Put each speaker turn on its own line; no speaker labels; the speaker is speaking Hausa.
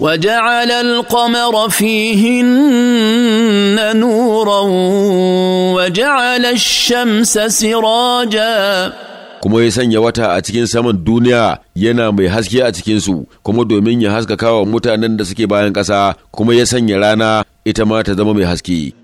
وجعل القمر فيهن نورا وجعل الشمس سراجا
kuma ya sanya wata a cikin saman duniya yana mai haske a cikinsu kuma domin ya haskaka wa mutanen da suke bayan ƙasa kuma ya sanya rana ita ma ta zama mai haske